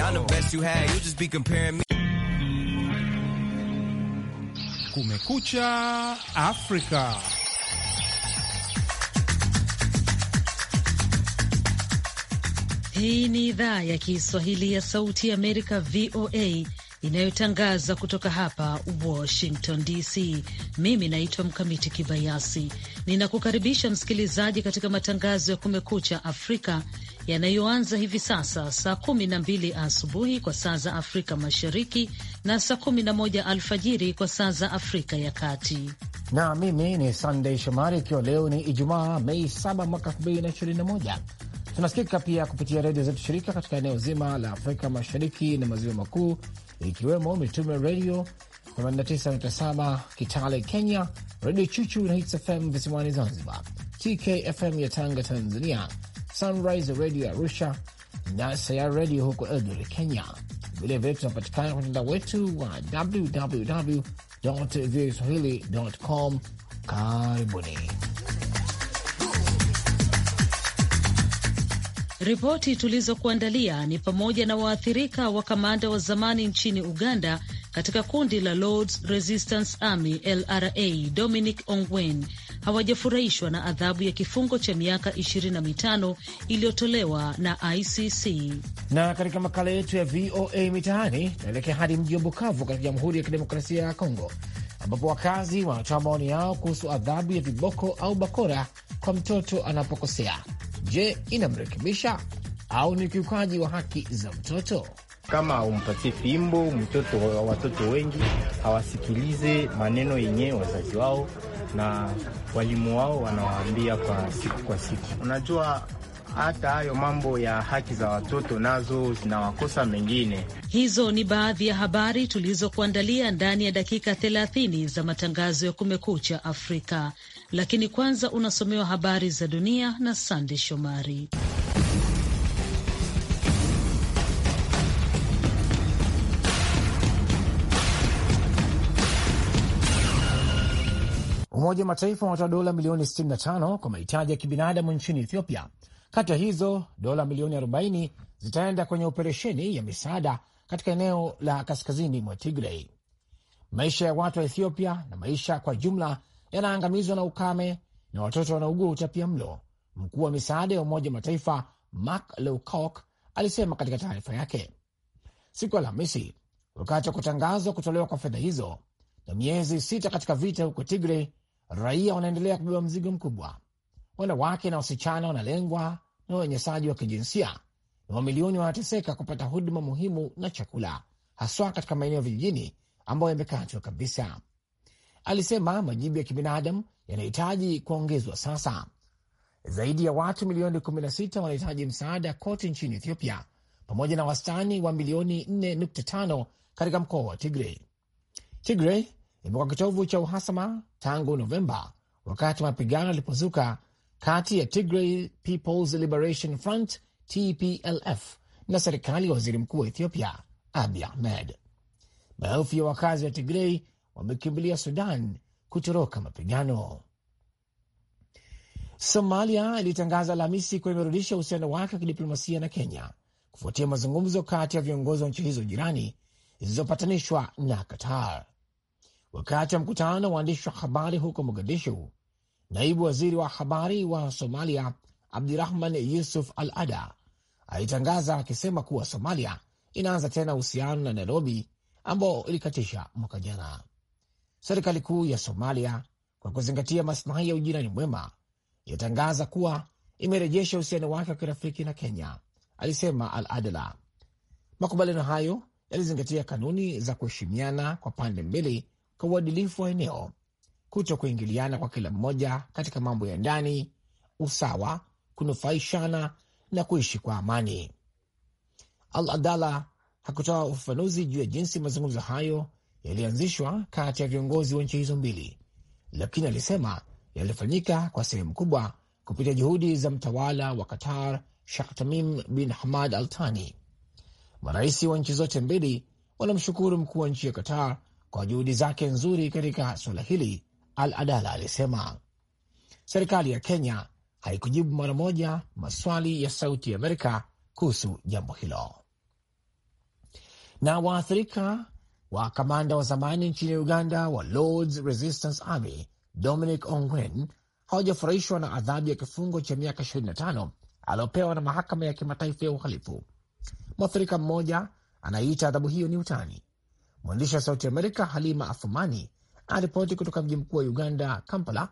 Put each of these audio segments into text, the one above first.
I'm the best you had. You just be comparing me. Kumekucha Africa. Hii ni idhaa ya Kiswahili ya Sauti ya Amerika, VOA, inayotangaza kutoka hapa Washington DC. Mimi naitwa Mkamiti Kibayasi, ninakukaribisha msikilizaji katika matangazo ya Kumekucha Afrika yanayoanza hivi sasa saa kumi na mbili asubuhi kwa saa za Afrika Mashariki na saa kumi na moja alfajiri kwa saa za Afrika ya Kati. Na mimi ni Sandey Shomari, ikiwa leo ni Ijumaa Mei 7 mwaka 2021. Tunasikika pia kupitia redio zetu shirika katika eneo zima la Afrika Mashariki na Maziwa Makuu, ikiwemo Mitume Redio 89.7 Kitale Kenya, Redio Chuchu na Hits FM visiwani Zanzibar, TKFM ya Tanga Tanzania, Sunrise Radio Arusha na Sayari redio huko Eldoret, Kenya. Vilevile tunapatikana kwenye mtandao wetu wa www voa com. Karibuni. Ripoti tulizokuandalia ni pamoja na waathirika wa kamanda wa zamani nchini Uganda katika kundi la Lords Resistance Army LRA Dominic Ongwen hawajafurahishwa na adhabu ya kifungo cha miaka 25 iliyotolewa na ICC. Na katika makala yetu ya VOA Mitaani tunaelekea hadi mji wa Bukavu katika Jamhuri ya Kidemokrasia ya Kongo, ambapo wakazi wanatoa maoni yao kuhusu adhabu ya viboko au bakora kwa mtoto anapokosea. Je, inamrekebisha au ni ukiukaji wa haki za mtoto? kama aumpatie fimbo mtoto. wa Watoto wengi hawasikilize maneno yenyewe wazazi wao na walimu wao wanawaambia kwa siku kwa siku. Unajua, hata hayo mambo ya haki za watoto nazo zinawakosa mengine. Hizo ni baadhi ya habari tulizokuandalia ndani ya dakika 30 za matangazo ya Kumekucha Afrika, lakini kwanza unasomewa habari za dunia na Sande Shomari. Umoja wa Mataifa unatoa dola milioni 65 kwa mahitaji ya kibinadamu nchini Ethiopia. Kati ya hizo dola milioni 40 zitaenda kwenye operesheni ya misaada katika eneo la kaskazini mwa Tigrei. Maisha ya watu wa Ethiopia na maisha kwa jumla yanaangamizwa na ukame na watoto wanaugua utapia mlo, mkuu wa misaada ya Umoja wa Mataifa Mark Lowcock alisema katika taarifa yake siku ya Alhamisi wakati wa kutangazwa kutolewa kwa fedha hizo. Na miezi sita katika vita huko Tigre, raia wanaendelea kubeba mzigo mkubwa. Wanawake na wasichana wanalengwa na unyanyasaji wa kijinsia na mamilioni wanateseka kupata huduma muhimu na chakula, haswa katika maeneo ya vijijini ambayo yamekatwa kabisa. Alisema majibu ya kibinadamu yanahitaji kuongezwa sasa. Zaidi ya watu milioni 16 wanahitaji msaada kote nchini Ethiopia, pamoja na wastani wa milioni 4.5 katika mkoa wa Tigray. Tigray imekuwa kitovu cha uhasama tangu Novemba, wakati mapigano yalipozuka kati ya Tigray People's Liberation Front TPLF na serikali ya waziri mkuu wa Ethiopia Abiy Ahmed. Maelfu ya wakazi wa Tigrei wamekimbilia Sudan kutoroka mapigano. Somalia ilitangaza Alhamisi kuwa imerudisha uhusiano wake wa kidiplomasia na Kenya kufuatia mazungumzo kati ya viongozi wa nchi hizo jirani zilizopatanishwa na Qatar. Wakati wa mkutano na waandishi wa habari huko Mogadishu, naibu waziri wa habari wa Somalia Abdirahman Yusuf Al Ada alitangaza akisema kuwa Somalia inaanza tena uhusiano na Nairobi ambao ilikatisha mwaka jana. Serikali kuu ya Somalia kwa kuzingatia maslahi ya ujirani mwema yatangaza kuwa imerejesha uhusiano wake wa kirafiki na Kenya, alisema Al Adala. Makubaliano hayo yalizingatia kanuni za kuheshimiana kwa pande mbili kwa uadilifu wa eneo, kuto kuingiliana kwa kila mmoja katika mambo ya ndani, usawa, kunufaishana na kuishi kwa amani. Al Adala hakutoa ufafanuzi juu ya jinsi mazungumzo hayo yalianzishwa kati ya viongozi wa nchi hizo mbili, lakini alisema yalifanyika kwa sehemu kubwa kupitia juhudi za mtawala wa Qatar Shekh Tamim bin Hamad Al Thani. Marais wa nchi zote mbili wanamshukuru mkuu wa nchi ya Qatar kwa juhudi zake nzuri katika suala hili, Al Adala alisema. Serikali ya Kenya haikujibu mara moja maswali ya Sauti ya Amerika kuhusu jambo hilo. Na waathirika wa kamanda wa zamani nchini Uganda wa Lords Resistance Army Dominic Ongwen hawajafurahishwa na adhabu ya kifungo cha miaka 25 aliopewa na mahakama ya kimataifa ya uhalifu. Mwathirika mmoja anaiita adhabu hiyo ni utani, Mwandishi wa Sauti Amerika Halima Athumani anaripoti kutoka mji mkuu wa Uganda, Kampala,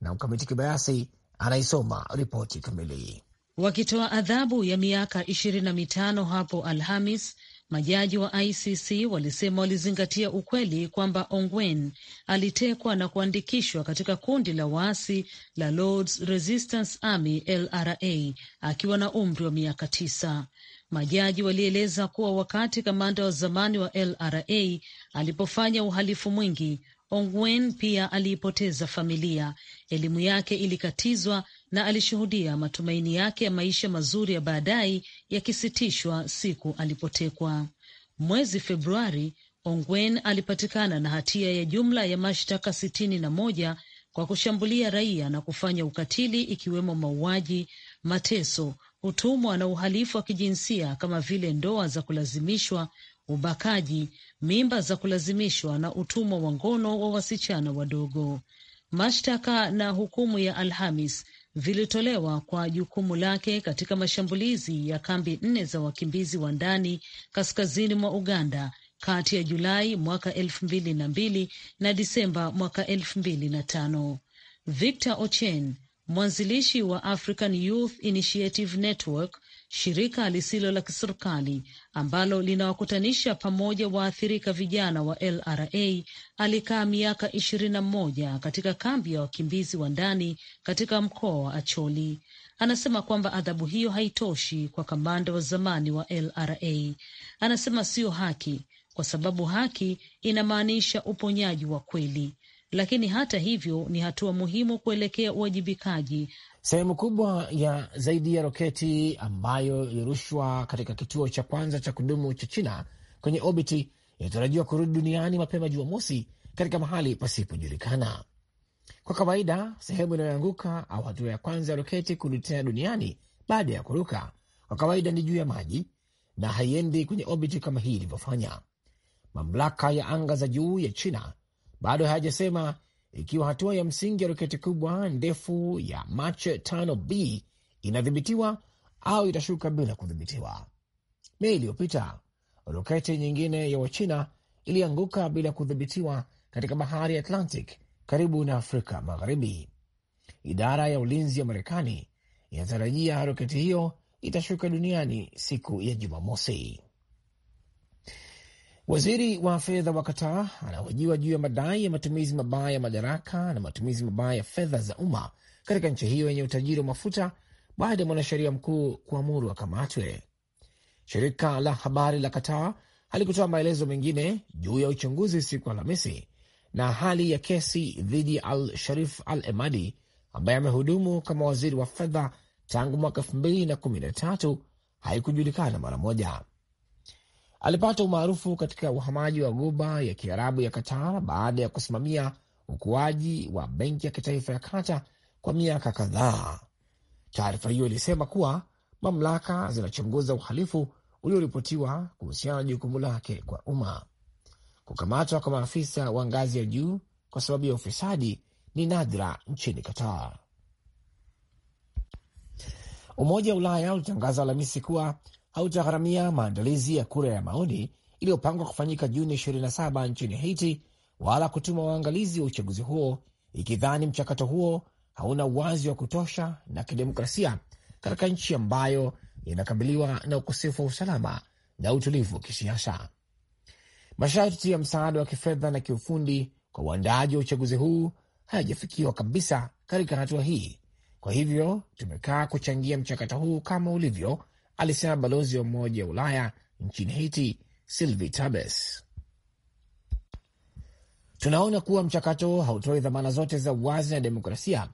na Mkamiti Kibayasi anaisoma ripoti kamili. Wakitoa adhabu ya miaka ishirini na mitano hapo Alhamis, majaji wa ICC walisema walizingatia ukweli kwamba Ongwen alitekwa na kuandikishwa katika kundi la waasi la Lords Resistance Army LRA akiwa na umri wa miaka tisa. Majaji walieleza kuwa wakati kamanda wa zamani wa LRA alipofanya uhalifu mwingi, Ongwen pia aliipoteza familia, elimu yake ilikatizwa na alishuhudia matumaini yake ya maisha mazuri ya baadaye yakisitishwa siku alipotekwa. Mwezi Februari, Ongwen alipatikana na hatia ya jumla ya mashtaka sitini na moja kwa kushambulia raia na kufanya ukatili ikiwemo mauaji, mateso, utumwa na uhalifu wa kijinsia kama vile ndoa za kulazimishwa, ubakaji, mimba za kulazimishwa na utumwa wa ngono wa wasichana wadogo. Mashtaka na hukumu ya Alhamis vilitolewa kwa jukumu lake katika mashambulizi ya kambi nne za wakimbizi wa ndani kaskazini mwa Uganda kati ya Julai mwaka elfu mbili na mbili na Disemba mwaka elfu mbili na tano. Victor Ochen mwanzilishi wa African Youth Initiative Network, shirika lisilo la kiserikali ambalo linawakutanisha pamoja waathirika vijana wa LRA. Alikaa miaka ishirini na moja katika kambi ya wakimbizi wa ndani katika mkoa wa Acholi. Anasema kwamba adhabu hiyo haitoshi kwa kamanda wa zamani wa LRA. Anasema sio haki, kwa sababu haki inamaanisha uponyaji wa kweli lakini hata hivyo ni hatua muhimu kuelekea uwajibikaji. Sehemu kubwa ya zaidi ya roketi ambayo ilirushwa katika kituo cha kwanza cha kudumu cha China kwenye obiti inatarajiwa kurudi duniani mapema Jumamosi katika mahali pasipojulikana. Kwa kawaida, sehemu inayoanguka au hatua ya kwanza ya roketi kurudi tena duniani baada ya kuruka kwa kawaida ni juu ya maji na haiendi kwenye obiti kama hii ilivyofanya. Mamlaka ya anga za juu ya China bado hayajasema ikiwa hatua ya msingi ya roketi kubwa ndefu ya Mach 5b inadhibitiwa au itashuka bila kudhibitiwa. Mei iliyopita roketi nyingine ya Wachina ilianguka bila kudhibitiwa katika bahari ya Atlantic karibu na Afrika Magharibi. Idara ya ulinzi ya Marekani inatarajia roketi hiyo itashuka duniani siku ya Jumamosi. Waziri wa fedha wa Qatar anahojiwa juu ya madai ya matumizi mabaya ya madaraka na matumizi mabaya ya fedha za umma katika nchi hiyo yenye utajiri wa mafuta baada ya mwanasheria mkuu kuamuru akamatwe. Shirika la habari la Qatar halikutoa maelezo mengine juu ya uchunguzi siku Alhamisi na hali ya kesi dhidi ya Al Sharif Al Emadi ambaye amehudumu kama waziri wa fedha tangu mwaka elfu mbili na kumi na tatu haikujulikana mara moja. Alipata umaarufu katika uhamaji wa Ghuba ya Kiarabu ya Qatar baada ya kusimamia ukuaji wa benki ya kitaifa ya Qatar kwa miaka kadhaa. Taarifa hiyo ilisema kuwa mamlaka zinachunguza uhalifu ulioripotiwa kuhusiana na jukumu lake kwa umma. Kukamatwa kwa maafisa wa ngazi ya juu kwa sababu ya ufisadi ni nadra nchini Qatar. Umoja wa Ulaya ulitangaza Alhamisi kuwa hautagharamia maandalizi ya kura ya maoni iliyopangwa kufanyika Juni 27 nchini Haiti wala kutuma waangalizi wa uchaguzi huo, ikidhani mchakato huo hauna uwazi wa kutosha na kidemokrasia katika nchi ambayo inakabiliwa na ukosefu wa usalama na utulivu wa kisiasa. Masharti ya msaada wa kifedha na kiufundi kwa uandaaji wa uchaguzi huu hayajafikiwa kabisa katika hatua hii. Kwa hivyo tumekaa kuchangia mchakato huu kama ulivyo, alisema balozi wa Umoja wa Ulaya nchini Haiti, Sylvie Tabes. Tunaona kuwa mchakato hautoi dhamana zote za uwazi na demokrasia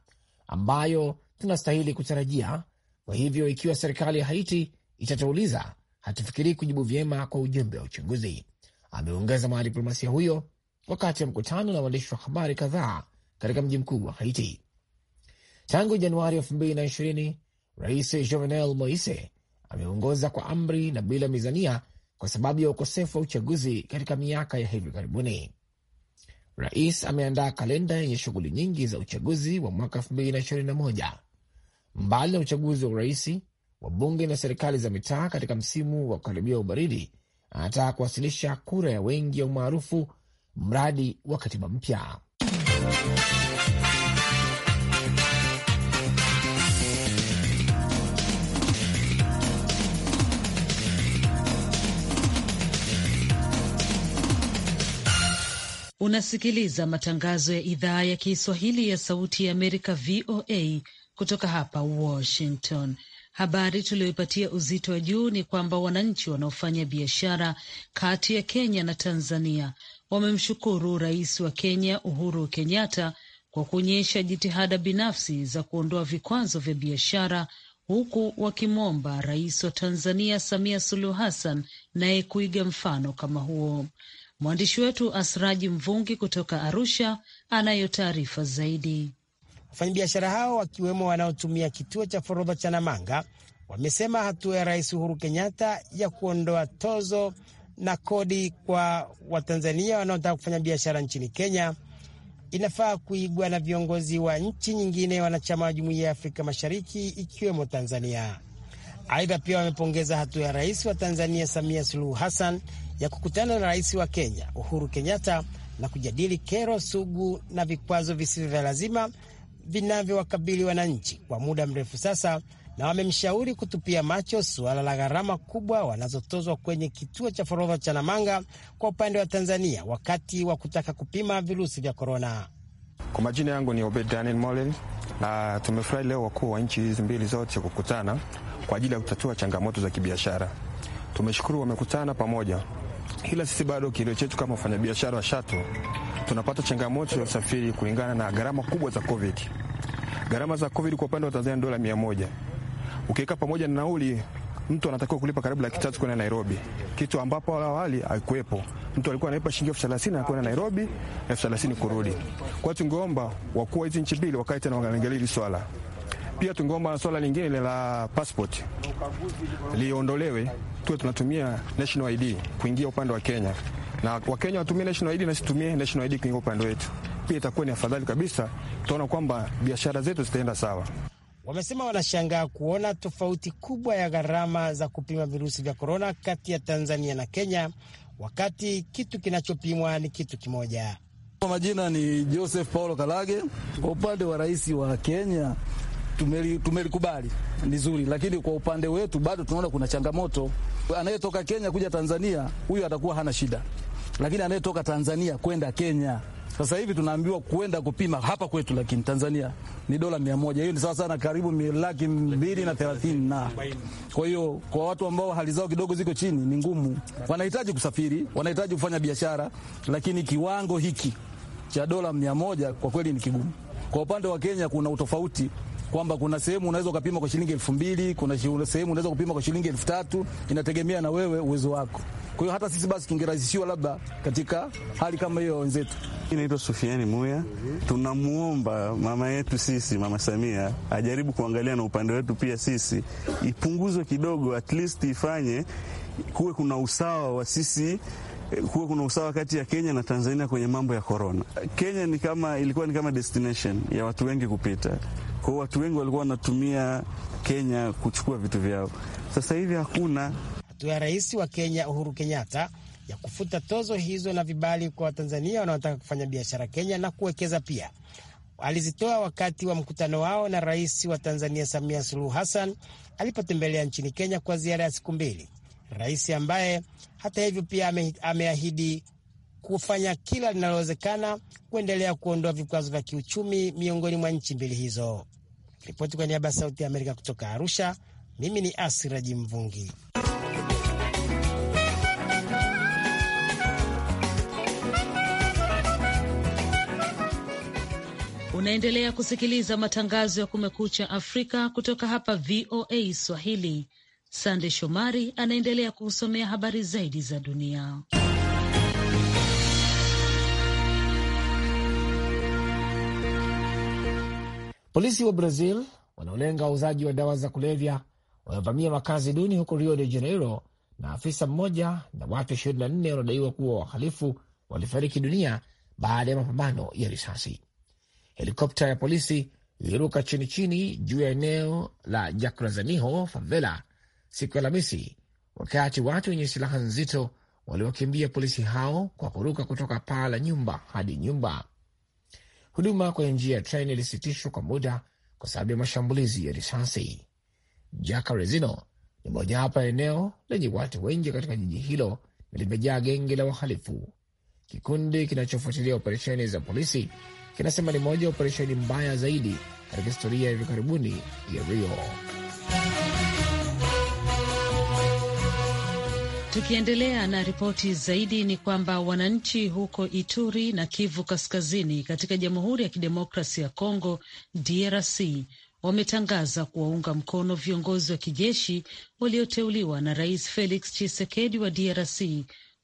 ambayo tunastahili kutarajia. Kwa hivyo, ikiwa serikali ya Haiti itatuuliza hatufikirii kujibu vyema kwa ujumbe wa uchunguzi, ameongeza mwanadiplomasia huyo wakati wa mkutano na waandishi wa habari kadhaa katika mji mkuu wa Haiti. Tangu Januari 2020 Rais Jovenel Moise ameongoza kwa amri na bila mizania kwa sababu ya ukosefu wa uchaguzi katika miaka ya hivi karibuni. Rais ameandaa kalenda yenye shughuli nyingi za uchaguzi wa mwaka 2021 mbali na uchaguzi wa uraisi wa bunge na serikali za mitaa katika msimu wa kukaribia ubaridi. Anataka kuwasilisha kura ya wengi ya umaarufu mradi wa katiba mpya. Unasikiliza matangazo ya idhaa ya Kiswahili ya Sauti ya Amerika, VOA, kutoka hapa Washington. Habari tuliyoipatia uzito wa juu ni kwamba wananchi wanaofanya biashara kati ya Kenya na Tanzania wamemshukuru Rais wa Kenya Uhuru Kenyatta kwa kuonyesha jitihada binafsi za kuondoa vikwazo vya biashara huku wakimwomba Rais wa Tanzania Samia Suluhu Hassan naye kuiga mfano kama huo. Mwandishi wetu Asraji Mvungi kutoka Arusha anayo taarifa zaidi. Wafanyabiashara hao wakiwemo wanaotumia kituo cha forodha cha Namanga wamesema hatua ya Rais Uhuru Kenyatta ya kuondoa tozo na kodi kwa Watanzania wanaotaka kufanya biashara nchini Kenya inafaa kuigwa na viongozi wa nchi nyingine wanachama wa Jumuiya ya Afrika Mashariki ikiwemo Tanzania. Aidha, pia wamepongeza hatua ya Rais wa Tanzania Samia Suluhu Hassan ya kukutana na rais wa Kenya Uhuru Kenyatta na kujadili kero sugu na vikwazo visivyo vya lazima vinavyowakabili wananchi kwa muda mrefu sasa, na wamemshauri kutupia macho suala la gharama kubwa wanazotozwa kwenye kituo cha forodha cha Namanga kwa upande wa Tanzania wakati wa kutaka kupima virusi vya korona. Kwa majina yangu ni Obed Daniel Molel, na tumefurahi leo wakuu wa nchi hizi mbili zote kukutana kwa ajili ya kutatua changamoto za kibiashara. Tumeshukuru wamekutana pamoja ila sisi bado kilio chetu kama wafanyabiashara wa shato tunapata changamoto ya usafiri kulingana na gharama kubwa za COVID. Gharama za COVID kwa upande wa Tanzania dola mia moja, ukiweka pamoja na nauli mtu anatakiwa kulipa karibu laki tatu kwenda Nairobi, kitu ambapo awali haikuwepo. Mtu alikuwa analipa shilingi elfu thelathini anakwenda Nairobi, elfu thelathini kurudi. Kwa hiyo tungeomba wakuu wa hizi nchi mbili wakae tena waangalie hili swala. Pia tungeomba swala lingine la passport liondolewe, tuwe tunatumia national ID kuingia upande wa Kenya, na Wakenya watumie national ID na situmie national ID kuingia upande wetu. Pia itakuwa ni afadhali kabisa, tutaona kwamba biashara zetu zitaenda sawa. Wamesema wanashangaa kuona tofauti kubwa ya gharama za kupima virusi vya korona kati ya Tanzania na Kenya, wakati kitu kinachopimwa ni kitu kimoja. Kwa majina ni Joseph Paulo Kalage. Kwa upande wa rais wa Kenya tumelikubali ni zuri, lakini kwa upande wetu bado tunaona kuna changamoto. Anayetoka Kenya kuja Tanzania, huyo atakuwa hana shida, lakini anayetoka Tanzania kwenda Kenya sasa hivi tunaambiwa kuenda kupima hapa kwetu, lakini Tanzania ni dola mia moja. Hiyo ni sawa sana karibu laki mbili na thelathini na kwa hiyo kwa watu ambao hali zao kidogo ziko chini ni ngumu, wanahitaji kusafiri, wanahitaji kufanya biashara, lakini kiwango hiki cha dola mia moja kwa kweli ni kigumu. Kwa upande wa Kenya kuna utofauti kwamba kuna sehemu unaweza ukapima kwa shilingi elfu mbili kuna sehemu unaweza kupima kwa shilingi elfu tatu inategemea na wewe uwezo wako. Kwa hiyo hata sisi basi tungerahisishiwa labda katika hali kama hiyo wenzetu. naitwa Sufiani Muya. Tunamwomba mama yetu sisi, Mama Samia ajaribu kuangalia na upande wetu pia sisi, ipunguzwe kidogo, at least ifanye kuwe kuna usawa wa sisi kuwa eh, kuna usawa kati ya Kenya na Tanzania kwenye mambo ya korona. Kenya ni kama ilikuwa ni kama destination ya watu wengi kupita, kwa watu wengi walikuwa wanatumia Kenya kuchukua vitu vyao. Sasa hivi hakuna hatua ya rais wa Kenya Uhuru Kenyatta ya kufuta tozo hizo na vibali kwa Watanzania wanaotaka kufanya biashara Kenya na kuwekeza pia alizitoa wakati wa mkutano wao na rais wa Tanzania Samia Suluhu Hassan alipotembelea nchini Kenya kwa ziara ya siku mbili rais ambaye hata hivyo pia ame, ameahidi kufanya kila linalowezekana kuendelea kuondoa vikwazo vya kiuchumi miongoni mwa nchi mbili hizo. Ripoti kwa niaba ya Sauti ya Amerika kutoka Arusha, mimi ni Asiraji Mvungi. Unaendelea kusikiliza matangazo ya Kumekucha Afrika kutoka hapa VOA Swahili. Sande Shomari anaendelea kuusomea habari zaidi za dunia. Polisi wa Brazil wanaolenga wauzaji wa dawa za kulevya wamevamia makazi duni huko Rio de Janeiro, na afisa mmoja na watu 24 wanaodaiwa kuwa wahalifu walifariki dunia baada ya mapambano ya risasi. Helikopta ya polisi iliruka chini chini juu ya eneo la jakrazaniho favela siku ya Alhamisi, wakati watu wenye silaha nzito waliwakimbia polisi hao kwa kuruka kutoka paa la nyumba hadi nyumba. Huduma kwenye njia ya treni ilisitishwa kwa muda kwa sababu ya mashambulizi ya risasi. rezino ni mojawapo ya eneo lenye watu wengi katika jiji hilo na limejaa genge la wahalifu. Kikundi kinachofuatilia operesheni za polisi kinasema ni moja ya operesheni mbaya zaidi katika historia ya hivi karibuni ya Rio. Tukiendelea na ripoti zaidi ni kwamba wananchi huko Ituri na Kivu Kaskazini katika Jamhuri ya Kidemokrasi ya Kongo DRC wametangaza kuwaunga mkono viongozi wa kijeshi walioteuliwa na Rais Felix Tshisekedi wa DRC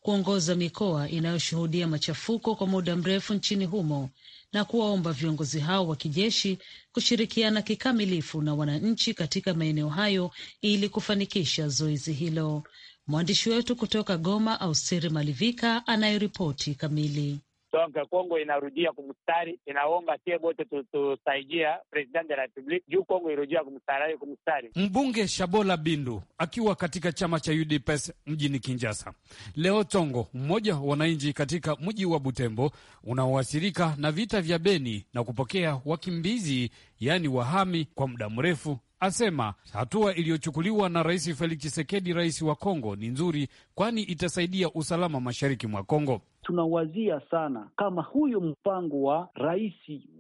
kuongoza mikoa inayoshuhudia machafuko kwa muda mrefu nchini humo na kuwaomba viongozi hao wa kijeshi kushirikiana kikamilifu na wananchi katika maeneo hayo ili kufanikisha zoezi hilo. Mwandishi wetu kutoka Goma, Austeri Malivika, anayeripoti kamili donc Kongo inarudia kumstari, inaomba sie bote tutusaidia president de la republique juu Kongo irudia kumstari kumstari. Mbunge Shabola Bindu akiwa katika chama cha UDPS mjini Kinjasa leo Tongo, mmoja wa wananchi katika mji wa Butembo unaoathirika na vita vya Beni na kupokea wakimbizi yaani wahami kwa muda mrefu asema hatua iliyochukuliwa na Rais Felix chisekedi rais wa Kongo, ni nzuri, kwani itasaidia usalama mashariki mwa Kongo tunawazia sana kama huyo mpango wa rais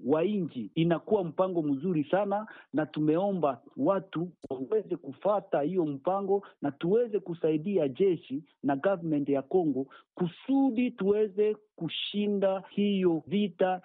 wa nchi inakuwa mpango mzuri sana, na tumeomba watu waweze kufata hiyo mpango na tuweze kusaidia jeshi na government ya Kongo kusudi tuweze kushinda hiyo vita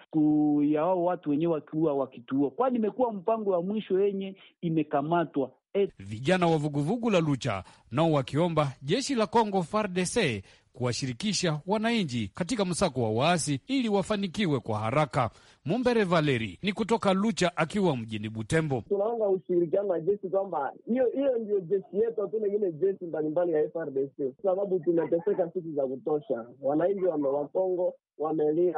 ya wao watu wenyewe wakiua wakituua, kwani imekuwa mpango wa mwisho yenye imekamatwa. Vijana wa vuguvugu la Lucha nao wakiomba jeshi la Kongo FARDC kuwashirikisha wananchi katika msako wa waasi ili wafanikiwe kwa haraka. Mumbere Valeri ni kutoka Lucha akiwa mjini Butembo. Tunaanga ushirikiano na jeshi kwamba hiyo hiyo ndio jeshi yetu, hatuna ingine jeshi mbalimbali ya FRDC sababu tumeteseka siku za kutosha. Wananchi wa Kongo wamelia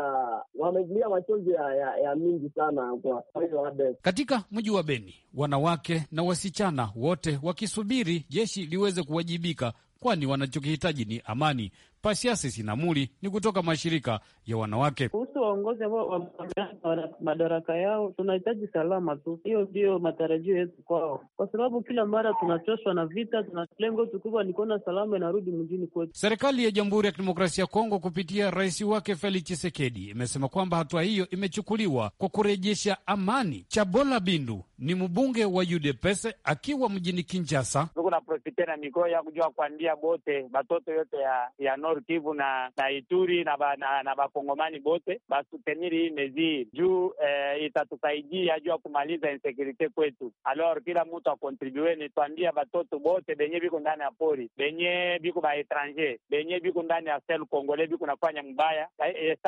wamelia machozi ya, ya, ya mingi sana kwa hiyo. Katika mji wa Beni, wanawake na wasichana wote wakisubiri jeshi liweze kuwajibika kwani wanachokihitaji ni amani, Pasiasi Sinamuli ni kutoka mashirika ya wanawake. Kuhusu waongozi ambao wamegawanya madaraka yao, tunahitaji salama tu, hiyo ndiyo matarajio yetu kwao, kwa sababu kila mara tunachoshwa na vita. Tuna lengo tukubwa ni kuona salama inarudi mjini kwetu. Serikali ya Jamhuri ya Kidemokrasia ya Kongo kupitia rais wake Felix Tshisekedi imesema kwamba hatua hiyo imechukuliwa kwa kurejesha amani. Chabola Bindu ni mbunge wa UDPS akiwa mjini Kinshasa. tuko na profite na ya kujua kuandia bote batoto yote ya, ya no Nord Kivu na, na Ituri na bakongomani na, na bakongomani bote basuteniri hii meziri juu eh, itatusaidia juu ya kumaliza insecurity kwetu. Alors kila mtu akontribue, nitwambia batoto bote benye biko ndani ya pori benye biko baetranger benye biko ndani ya sel kongole biko nafanya mbaya e, eh,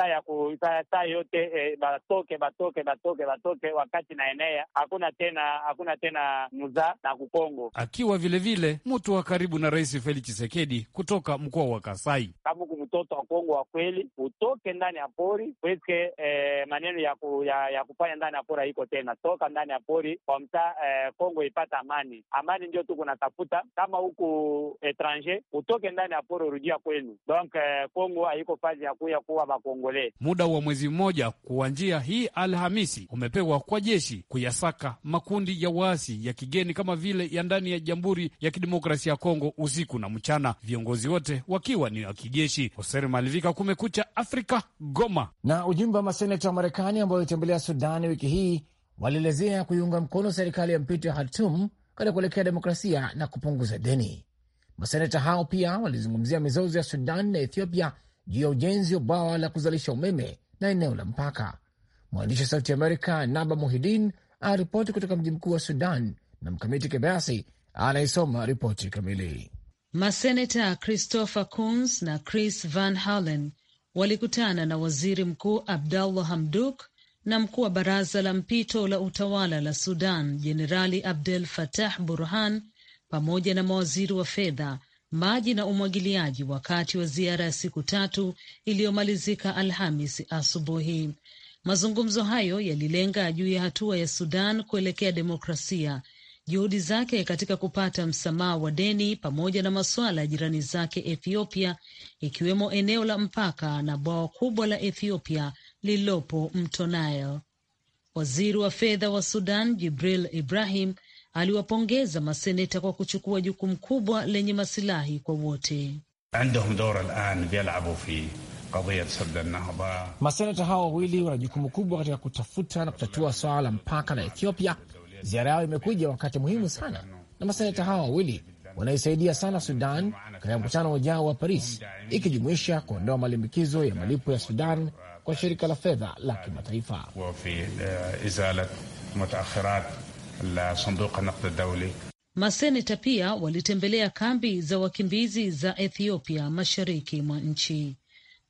saa yote eh, batoke batoke batoke batoke, wakati na enea hakuna tena hakuna tena muza na kukongo. Akiwa vilevile mtu wa karibu na Rais Felix chisekedi kutoka mkoa wa Kasai kama ku mtoto wa Kongo wa kweli utoke ndani ya pori pweske, eh, maneno ya, ku, ya, ya kufanya ndani ya pori haiko tena. Toka ndani ya pori kwa mtaa eh, Kongo ipata amani. Amani ndio tu kunatafuta kama huku etranger, utoke ndani ya pori urudia kwenu. Donc eh, Kongo haiko fazi ya kuya kuwa makongole. Muda wa mwezi mmoja kuanzia hii Alhamisi umepewa kwa jeshi kuyasaka makundi ya waasi ya kigeni kama vile ya ndani ya Jamhuri ya Kidemokrasia ya Kongo usiku na mchana, viongozi wote wakiwa ni kijeshi. Hoser Malivika, Kumekucha Afrika, Goma. Na ujumbe wa maseneta wa Marekani ambao walitembelea Sudani wiki hii walielezea kuiunga mkono serikali ya mpito ya Khartum katika kuelekea demokrasia na kupunguza deni. Maseneta hao pia walizungumzia mizozo ya Sudan na Ethiopia juu ya ujenzi wa bwawa la kuzalisha umeme na eneo la mpaka. Mwandishi wa Sauti Amerika Naba Muhidin aripoti kutoka mji mkuu wa Sudan na Mkamiti Kibayasi anaisoma ripoti kamili. Maseneta Christopher Coons na Chris Van Hollen walikutana na waziri mkuu Abdallah Hamduk na mkuu wa baraza la mpito la utawala la Sudan Jenerali Abdel Fattah Burhan pamoja na mawaziri wa fedha, maji na umwagiliaji wakati wa ziara ya siku tatu iliyomalizika Alhamis asubuhi. Mazungumzo hayo yalilenga juu ya hatua ya Sudan kuelekea demokrasia juhudi zake katika kupata msamaha wa deni pamoja na masuala ya jirani zake Ethiopia, ikiwemo eneo la mpaka na bwawa kubwa la Ethiopia lililopo mto Nile. Waziri wa fedha wa Sudan Jibril Ibrahim aliwapongeza maseneta kwa kuchukua jukumu kubwa lenye masilahi kwa wote. Maseneta hao wawili wana jukumu kubwa katika kutafuta na kutatua swala la mpaka la Ethiopia Ziara yao imekuja wakati muhimu sana, na maseneta hawa wawili wanaisaidia sana Sudan katika mkutano ujao wa Paris, ikijumuisha kuondoa malimbikizo ya malipo ya Sudan kwa shirika la fedha la kimataifa. Maseneta pia walitembelea kambi za wakimbizi za Ethiopia mashariki mwa nchi.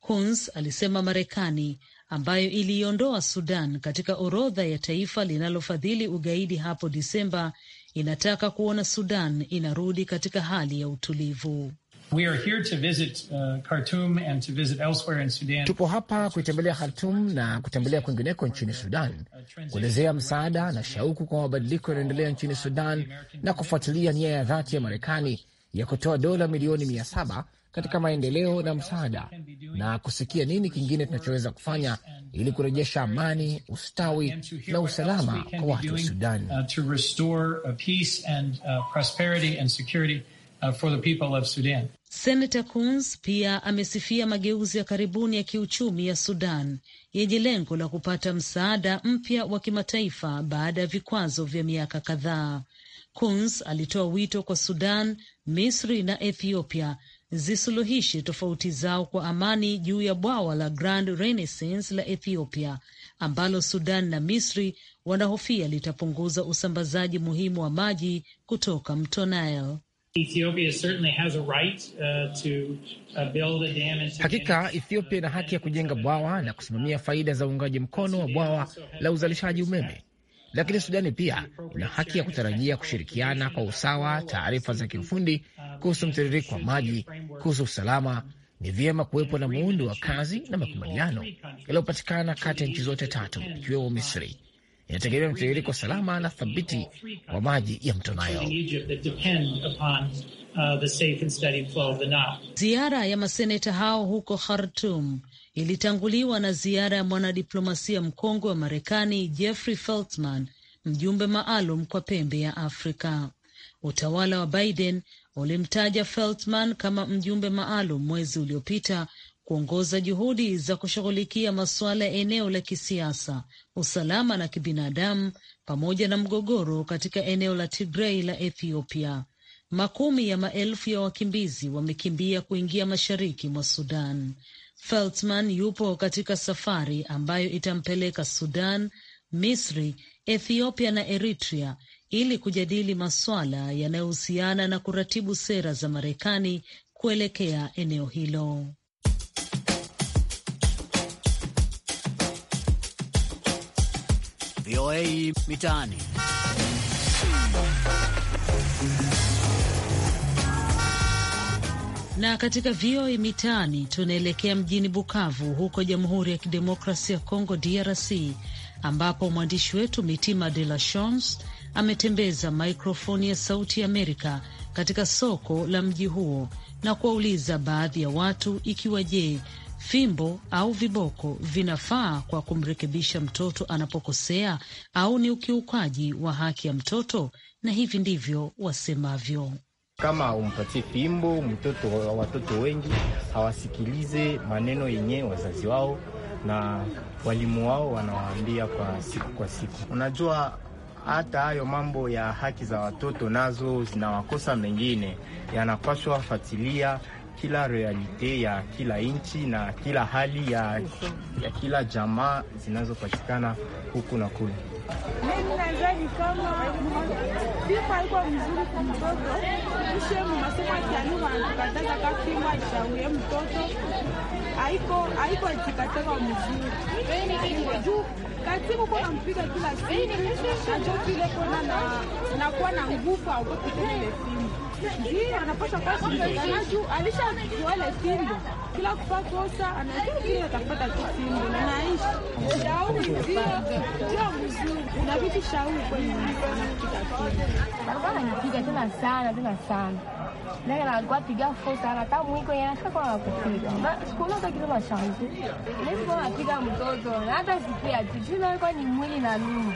Coons alisema Marekani ambayo iliiondoa Sudan katika orodha ya taifa linalofadhili ugaidi hapo Disemba, inataka kuona Sudan inarudi katika hali ya utulivu. We are here to visit, uh, Khartoum and to visit elsewhere in Sudan. Tupo hapa kuitembelea Khartum na kutembelea kwingineko nchini Sudan, kuelezea msaada na shauku kwa mabadiliko yanayoendelea nchini Sudan na kufuatilia nia ya dhati ya Marekani ya kutoa dola milioni mia saba katika maendeleo na msaada, na kusikia nini kingine tunachoweza kufanya ili kurejesha amani, ustawi na usalama kwa watu wa Sudan. Uh, uh, uh, Senata Coons pia amesifia mageuzi ya karibuni ya kiuchumi ya Sudan yenye lengo la kupata msaada mpya wa kimataifa baada ya vikwazo vya miaka kadhaa. Coons alitoa wito kwa Sudan, Misri na Ethiopia zisuluhishe tofauti zao kwa amani juu ya bwawa la Grand Renaissance la Ethiopia ambalo Sudan na Misri wanahofia litapunguza usambazaji muhimu wa maji kutoka mto Nile. Uh, uh, Hakika Ethiopia ina haki ya kujenga bwawa na kusimamia faida za uungaji mkono wa bwawa la uzalishaji umeme lakini Sudani pia ina haki ya kutarajia kushirikiana kwa usawa taarifa za kiufundi kuhusu mtiririko wa maji, kuhusu usalama. Ni vyema kuwepo na muundo wa kazi na makubaliano yaliyopatikana kati ya nchi zote tatu, ikiwemo Misri. Inategemea mtiririko salama na thabiti wa maji ya mto Nile. Ziara ya maseneta hao huko Khartum ilitanguliwa na ziara ya mwanadiplomasia mkongwe wa Marekani Jeffrey Feltman, mjumbe maalum kwa pembe ya Afrika. Utawala wa Biden ulimtaja Feltman kama mjumbe maalum mwezi uliopita kuongoza juhudi za kushughulikia masuala ya eneo la kisiasa, usalama na kibinadamu, pamoja na mgogoro katika eneo la Tigrei la Ethiopia. Makumi ya maelfu ya wakimbizi wamekimbia kuingia mashariki mwa Sudan. Feltman yupo katika safari ambayo itampeleka Sudan, Misri, Ethiopia na Eritrea ili kujadili masuala yanayohusiana na kuratibu sera za Marekani kuelekea eneo hilo. VOA Mitaani. Na katika VOA Mitaani tunaelekea mjini Bukavu huko Jamhuri ya Kidemokrasia ya Kongo, DRC, ambapo mwandishi wetu Mitima De La Chans ametembeza maikrofoni ya Sauti Amerika katika soko la mji huo na kuwauliza baadhi ya watu ikiwa je, fimbo au viboko vinafaa kwa kumrekebisha mtoto anapokosea au ni ukiukaji wa haki ya mtoto, na hivi ndivyo wasemavyo. Kama umpatie fimbo mtoto, wa watoto wengi hawasikilize maneno yenye wazazi wao na walimu wao wanawaambia kwa siku kwa siku. Unajua, hata hayo mambo ya haki za watoto nazo zina mengine, yanapaswa fatilia kila realite ya kila nchi na kila hali ya, ya kila jamaa zinazopatikana huku na kule. Fimbo iko mzuri kwa mtoto ishe mumasomo akiani wanakataza ka fimbo aishauye mtoto aiko aiko aikataza mzuri juu katibu kona mpiga kila siku ajokile kona na nakuwa na nguvu aogopi kelele ndio anapata kazi juu alishajua ile Simba kila kupa kosa anajua kile atapata kisimbo na naishi shauri ndio ndio mzuri na vitu shauri kwenye anapiga tena sana tena sana Leo alikuwa piga force hata mwiko yake kwa kupiga. Na siku ile kitu la shanzi. Leo kwa apiga mtoto na hata sikia titi na kwa ni mwili na luma.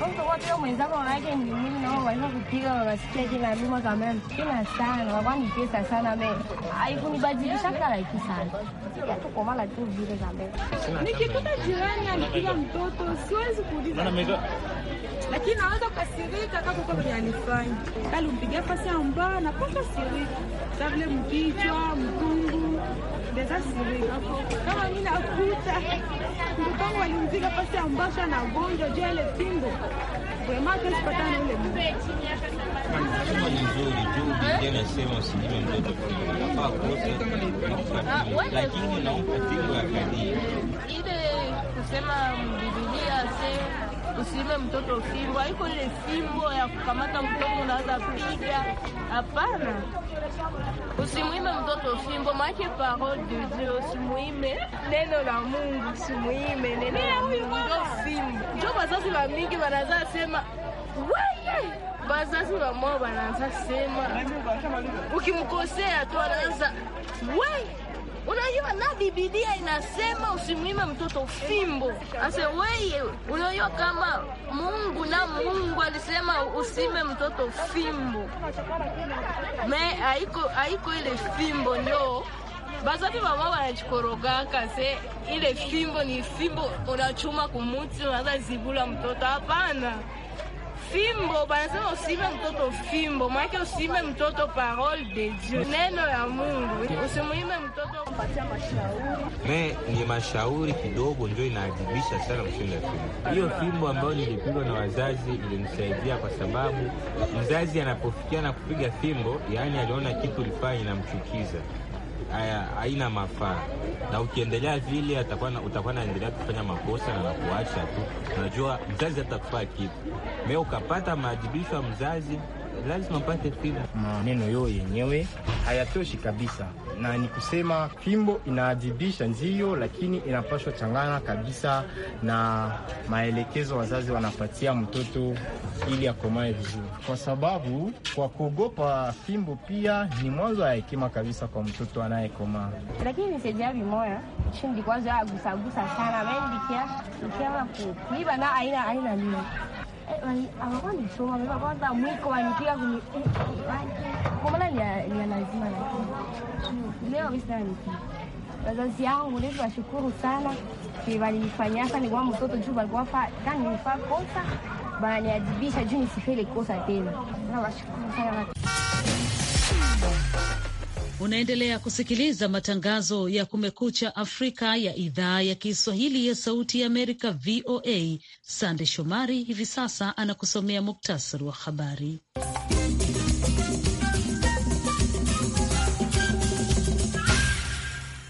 Sasa watu wao mwenzako wanaje ni mwili na wao wanaweza kupiga wanasikia kila luma kama kila sana. Kwa ni pesa sana mimi. Haikunibadilisha kala hiki sana. Ya tu kwa mala tu vile za mbele. Nikikuta jirani anipiga mtoto siwezi kuuliza lakini naweza kukasirika kama uko kwenye anifanya kali umpigia pasi ambayo napata sirika sa vile mkichwa mkungu ndeza sirika kama mimi nakuta mkutangu walimpiga pasi ambasha na gonjwa juu ile pingo wema kesipatana ule nzuri juu binti anasema usijue mtoto kafaa kosa, ah, lakini naomba pingo ya kadiri ile kusema mbibilia se usiime mtoto fimbo haiko ile simbo ya kukamata mtoto unaweza piga. Hapana, usimwime mtoto fimbo maake parole de Dieu, usimwime neno la Mungu, usimwime neno la Mungu ndo simbo. Njo wazazi wa mingi wanaza sema weye wazazi wa mwao wanaanza sema, ukimkosea tu anaanza weye Unajua na Biblia inasema usimwime mtoto fimbo. Ase wewe unajua kama Mungu na Mungu alisema usime mtoto fimbo, me haiko haiko ile fimbo ndio bazazi mama wanachikorogaka se ile fimbo ni fimbo, unachuma kumuti, unaza zibula mtoto. Hapana fimbo, banasema usiibe mtoto fimbo, mwake usiibe mtoto parole de Dieu, neno ya Mungu, usimuibe mtoto kupatia mashauri. Me ni mashauri kidogo ndio inaadhibisha sana mshinda fimbo. Hiyo fimbo ambayo nilipigwa na wazazi ilinisaidia kwa sababu mzazi anapofikia na kupiga fimbo, yaani aliona kitu ulifanya inamchukiza haina mafaa, na ukiendelea vile utakuwa naendelea kufanya makosa na nakuacha tu. Unajua mzazi atakufaa kitu me ukapata maajibisho ya mzazi lazima apate tiba. Maneno yo yenyewe hayatoshi kabisa, na ni kusema fimbo inaadhibisha ndio, lakini inapashwa changana kabisa na maelekezo wazazi wanapatia mtoto ili akomae vizuri, kwa sababu kwa kuogopa fimbo pia ni mwanzo ya hekima kabisa kwa mtoto anayekomaa. Lakini sejabi moyo chindi kwanza agusagusa sana mendikia ukiama kuiba na aina aina nini walisoma kwanza mwiko wazazi yangu leo washukuru sana walinifanyia hasa nikuwa mtoto juu walikuwa kani nifaa kosa wananiadibisha juu nisifele kosa tena, na sana. Unaendelea kusikiliza matangazo ya Kumekucha Afrika ya idhaa ya Kiswahili ya Sauti ya Amerika, VOA. Sande Shomari hivi sasa anakusomea muktasari wa habari.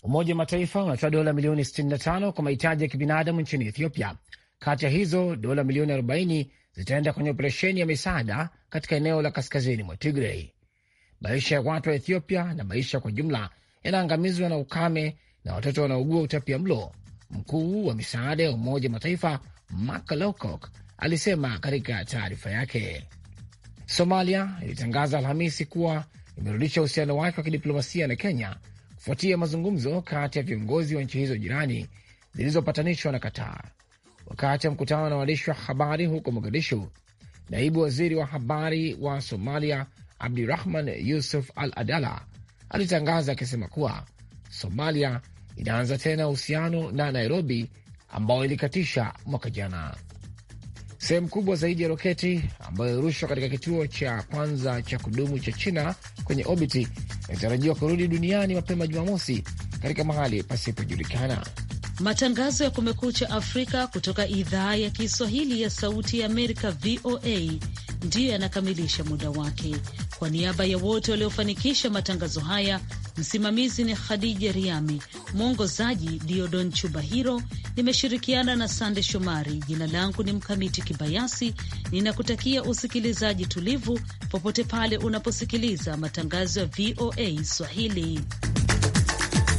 Umoja wa Mataifa unatoa dola milioni 65 kwa mahitaji ya kibinadamu nchini Ethiopia. Kati ya hizo dola milioni 40 zitaenda kwenye operesheni ya misaada katika eneo la kaskazini mwa Tigrei maisha ya watu wa Ethiopia na maisha kwa jumla yanaangamizwa na ukame na watoto wanaogua utapia mlo, mkuu wa misaada ya Umoja wa Mataifa Mark Lowcock alisema katika taarifa yake. Somalia ilitangaza Alhamisi kuwa imerudisha uhusiano wake wa kidiplomasia na Kenya kufuatia mazungumzo kati ya viongozi wa nchi hizo jirani zilizopatanishwa na Qatar. Wakati wa mkutano na waandishi wa habari huko Mogadishu, naibu waziri wa habari wa Somalia Abdirahman Yusuf Al Adala alitangaza akisema kuwa Somalia inaanza tena uhusiano na Nairobi ambao ilikatisha mwaka jana. Sehemu kubwa zaidi ya roketi ambayo ilirushwa katika kituo cha kwanza cha kudumu cha China kwenye obiti inatarajiwa kurudi duniani mapema Jumamosi katika mahali pasipojulikana. Matangazo ya Kumekucha Afrika kutoka idhaa ya Kiswahili ya Sauti ya Amerika, VOA, ndiyo yanakamilisha muda wake. Kwa niaba ya wote waliofanikisha matangazo haya, msimamizi ni Khadija Riami, mwongozaji Diodon Chubahiro. Nimeshirikiana na Sande Shomari. Jina langu ni Mkamiti Kibayasi, ninakutakia usikilizaji tulivu popote pale unaposikiliza matangazo ya VOA Swahili.